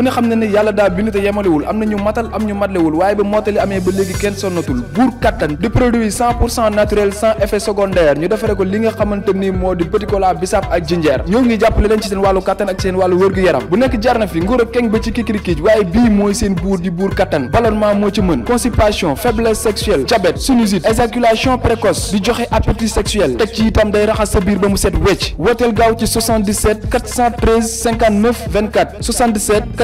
ku ne xam ne ne yàlla daa bind te yemalewul am na ñu matal am ñu matlewul waaye ba mottali amee ba léegi kenn sonnatul buur kattan di produit cent pour cent naturel sans effet secondaire ñu defare ko li nga xamante ni moo di petit cola bisaab ak jinjeer ñoo ngi jàppale leen ci seen wàllu kattan ak seen wàllu wërgu yaram bu nekk jarna fi nguur ak keng ba ci kikirikiij waaye bii mooy seen buur di buur kattan ballonnement moo ci mën constipation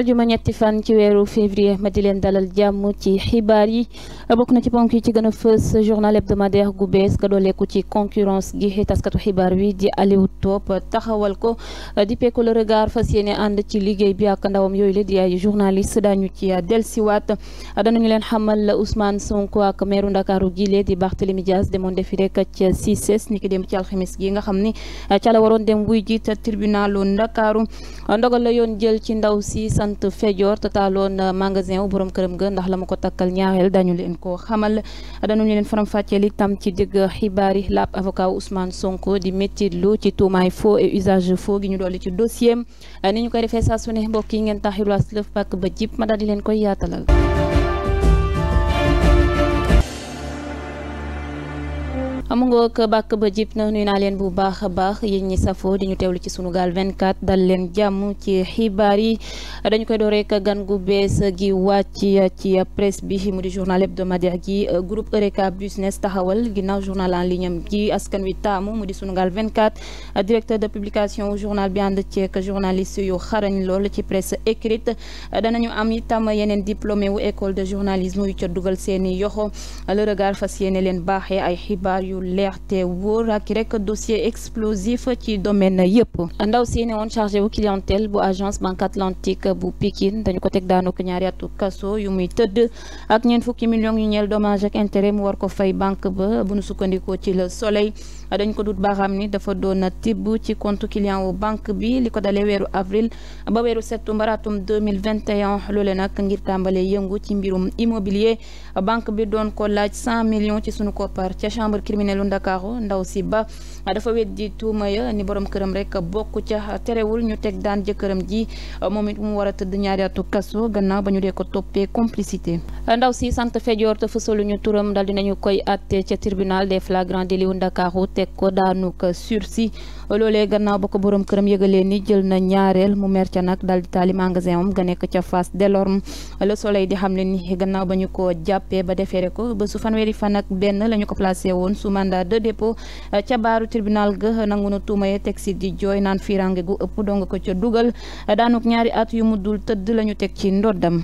aljuma ñetti fan ci weeru février ma di leen dalal jàmm ci xibaar yi bokk na ci ponk yi ci gën a fës journal hebdomadaire gu bees ga dooleeku ci concurrence gi taskatu xibaar wi di Aliou Top taxawal ko di peko le regard fas yéene ànd ci liggéey bi ak ndawam yooyu la di ay journaliste daañu ci dellusiwaat danañu leen xamal Ousmane Sonko ak meeru Ndakaaru gi lee di Barthélémy Dias demoon defi rek ca CICES ni ki dem ci alxamis gi nga xam ni ca la waroon dem wuy ji tribunal Ndakaaru sant Fejoor te taaloon euh, magasin wu borom këram ga ndax la ma ko takkal ñaareel dañu leen ko xamal dañu leen faram fàccee li tam ci digg xibaar yi laab avocat Ousmane Sonko di métti lu ci tuumaay faux et usage faux gi ñu dolli ci dossier ni ñu koy defee saa su ne mbokk yi ngeen tax yu laa lëf pàkk ba jip ma daal di leen koy yaatalal. mu ngoog bàkk ba jib na nuyu naa leen bu baax a baax yéen ñi safoo di ñu teewlu ci sunu gaal 24 dal leen jàmm ci xibaar yi dañu koy door rek gan gu bees gi wàcc ci presse bi mu di journal hebdomadaire gi groupe Eureka Business taxawal ginnaaw journal en ligne am gi askan wi taamu mu di sunu gaal 24 directeur de publication journal bi ànd ceeg journaliste yu xarañ lool ci presse écrite ñu am itam yeneen diplômé wu école de journalisme yu ca dugal seeni yoxo yéene leen baaxee ay xibaar yu lu leer te wóor ak rek dossier explosif ci domaine yëpp ndaw si ne woon chargé wu clientèle bu agence banque atlantique bu Pikine dañu ko teg daanu ñaari atu kaso yu muy tëdd ak ñeent fukki millions yu ñeel dommage ak war ko fay banque ba bu nu sukkandikoo ci le soleil dañ ko dut baaxam ni dafa doon tibb ci compte client wu banque bi li ko dalee weeru avril ba weeru septembre atum 2021 loole nag ngir tàmbalee ci mbirum immobilier banque bi doon ko laaj tribunal u Ndakaaru ndaw si Ah, dafa weddi tuuma ya ni borom këram rek bokk ca terewul ñu teg daan jëkkëram ji moom it mu war a tëdd ñaari atu kaso gannaaw ba ñu dee ko toppee complicité ah, ndaw si sant fejoor te ñu turam dal dinañu koy atte ca tribunal de flagrants délits wu Ndakaaru teg ko daanuko sursis loole gannaaw ba ko borom këram yëgalee ni jël na ñaareel mu mer nag dal di taali magasin am ga nekk ca Fass Delorme le soleil di xam leen ni gannaaw ba ñu ko jàppee ba defeere ko ba su fanweeri fan ak benn la ñu ko placé su mandat de tribunal ga nangu na tuuma ya teg si di jooy naan fiirange gu ëpp dong ko ca dugal daanuk ñaari at yu mu dul tëdd la ñu teg ci ndoddam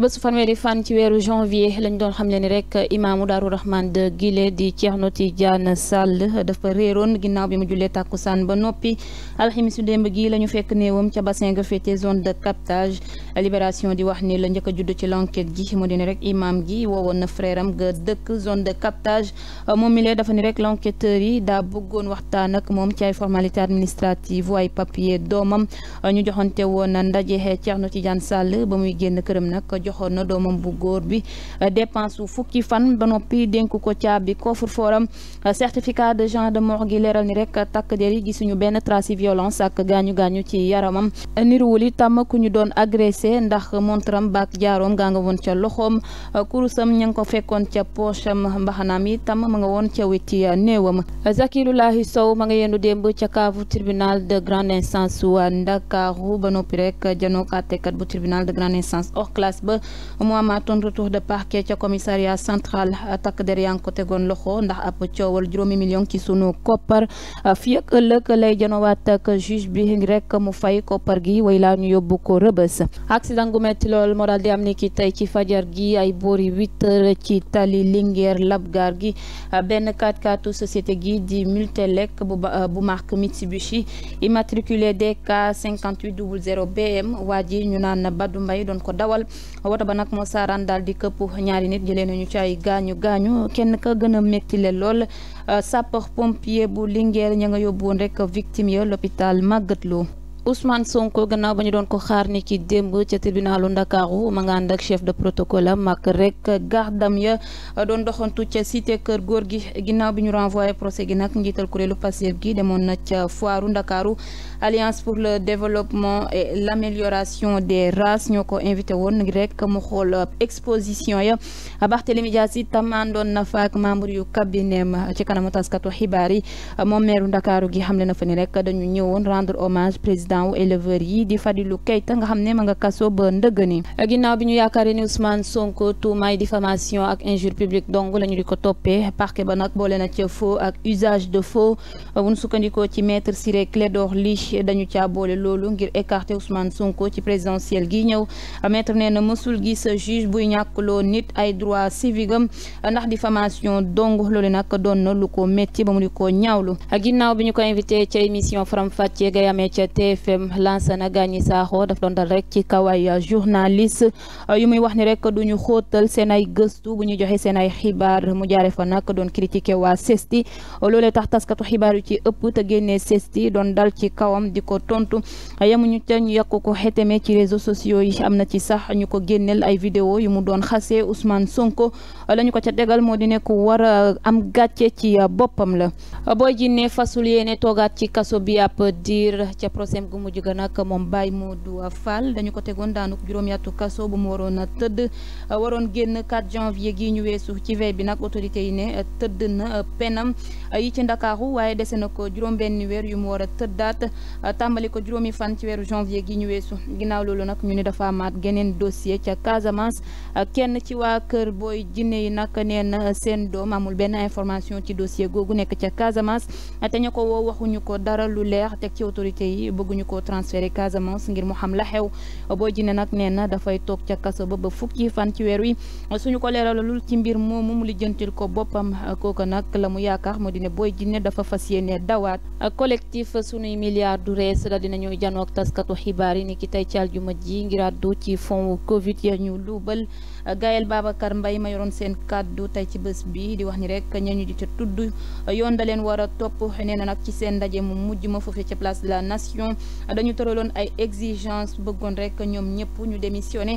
bésu fanweeri fan ci weeru janvier lañ doon xam le ni rek imaamu daaru rahman de Guilé di Ceerno Tijaan Sàll dafa réeroon ginnaaw bi mu jullee tàkkusaan ba noppi alximisu démb gi la ñu fekk néewam ca bassin ga féete zone de captage libération di wax ni la njëkka a judd ci l'enquête gi mu di ni rek imaam gi woowoon na frère am ga dëkk zone de captage moom mi lee dafa ni rek l'enquêteur yi daa bëggoon waxtaan ak moom ci ay formalité administrative waay papier doomam ñu joxante woon ndaje Ceerno Tijaan Sàll ba muy génn këram nag joxoon na doomam bu góor bi dépense su fukki fan ba noppi dénk ko caabi coffre forum certificat de genre de mort gi leeral ni rek takk der yi gisuñu benn trace violence ak gaañu gaañu ci yaramam niruwul itam ku ñu doon agressé ndax montram baak jaaroom gaa nga woon ca loxoom kurusam ña ngi ko fekkoon ca pocham mbaxanaam yi tam ma nga woon ca weti néewam zakirulahi sow ma nga yendu démb ca kaafu tribunal de grande instance wa ndakaaru ba noppi rek janook àttekat bu démb mu amaatoon retour de parquet ca commissariat central takk der ko tegoon loxo ndax ab coowal juróomi million ci sunu koppar fii ak ëllëg lay janowaat ak juge bi rek mu fay koppar gi way laa ñu yóbbu ko rëbës accident gu metti lool moo daal di am ni ki tey ci fajar gi ay boori huit ci tali Linguère Labgar gi benn 4x4 société gi di Multelec bu bu marque Mitsubishi immatriculé DK 5800 BM waa ji ñu naan Badou mbay doon ko dawal woto ba nag moo saaraan daal di këppu ñaari nit jëlee nañu ci ay gaañu gaañu kenn ka gën a métti lool euh, sapeur pompier bu Linguère ña nga yóbbu woon rek victime ya l'hôpital Magatte Lô Ousmane Sonko gannaaw ba ñu doon ko xaar ni ki démb ca tribunalu Ndakaaru ma nga ànd chef de protocole am ak rek gardam ya doon doxantu ca cité kër góor gi ginnaaw bi ñu renvoyé procès gi nag njiital kuréelu Pastef gi demoon na ca foiru Ndakaaru Alliance pour le développement et l'amélioration des races ñoo ko invité woon rek mu xool exposition ya Barthélémy Dias itam àndoon na fa ak membre yu cabinet ma ci kanamu taskatu xibaar yi moom meeru Ndakaaru gi xamle na fa ni rek dañu ñëwoon rendre hommage président président wu éleveurs yi di ba ndëgëni ginnaaw bi ñu yaakaaree ni Ousmane Sonko tuumaay diffamation ak injure publique dong la ñu ca ci maître Ciré boole loolu ngir écarter Ousmane Sonko ci présidentielle gi ñëw maître nee na mësul gis juge buy ñàkkloo nit ay droit civique am ndax diffamation dong loolu nag doon na lu ko métti ba mu di ko ñaawlu ginnaaw bi ñu ko invité ca émission faram fàccee gay amee ca TFM RFM Lansana Gagny Sakho daf doon dal rek ci kaw ay journaliste euh, yu wax ni rek du ñu xóotal seen ay gëstu bu ñu joxe seen ay xibaar mu jaare fa nak doon critiqué waa CESTI loolee tax taskatu xibaar yu ci ëpp te génnee CESTI doon dal ci kawam di ko tontu yemuñu ca ñu yàq ko xeteme ci réseaux sociaux yi am na ci sax ñu ko génneel ay vidéo yu mu doon xasee Ousmane Sonko la ñu ko ca degal moo di nekk war a am gàcce ci boppam la booy jinne gu mujj ga nag moom Baye Modou Fall dañu ko tegoon daanuk juróom yattu kaso bu mu waroon a tëdd waroon génn 4 janvier gii ñu weesu ci veille bi nag autorité yi ne tëdd na penam yi ci Ndakaaru waaye dese na ko juróom benn weer yu mu war a tëddaat tàmbali ko juróomi fan ci weeru janvier gi ñu weesu ginnaaw loolu nag ñu ne dafa maat geneen dossier ca Casamance kenn ci waa kër booy jinne yi nag neen seen doom amul benn information ci dossier googu nekk ca Casamance ñu ko transféré Casamance ngir mu xam la xew boo jine nag nee na dafay toog ca kaso ba ba fukki fan ci weer wi suñu ko leeralul ci mbir moomu mu lijjantil ko boppam kooku nag la mu yaakaar moo di ne booy jinne dafa fas yéene dawaat collectif suñuy milliards du rees la dinañu janoo ak taskatu xibaar yi ni ki tey ci aljuma ji ngir àddu ci fond covid ya ñu luubal Gaël Babacar Mbaye ma yoroon seen kàddu tey ci bés bi di wax ni rek ñañu di ca tudd yoon da leen war a topp dañu tëraloon ay exigence bëggoon rek ñoom ñëpp ñu démissionné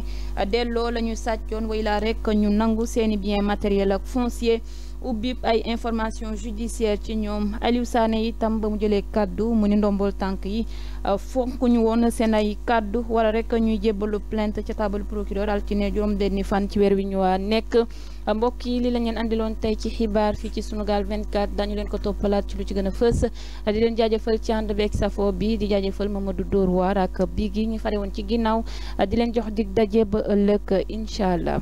delloo la ñu sàccoon way laa rek ñu nangu seeni bien matériel ak foncier ubbib ay information judiciaire ci ñoom Aliou Sané itam ba mu jëlee kàddu mu ni ndombol tànk yi euh, fonk ñu woon seen ay kàddu wala rek ñuy jébbalu plainte ca table procureur altine juróom denni fan ci weer wi ñu waa nekk mbokk yi li la ngeen andiloon tey ci xibaar fii ci Sunugal 24 dañu leen ko toppalaat ci lu ci gën a fës di leen jaajëfal ci ànd beeg safo bi di jaajëfal Mamadou Dóor waar ak bii gi ñu fare woon ci ginnaaw di leen jox dig dajee ba ëllëg incha allah.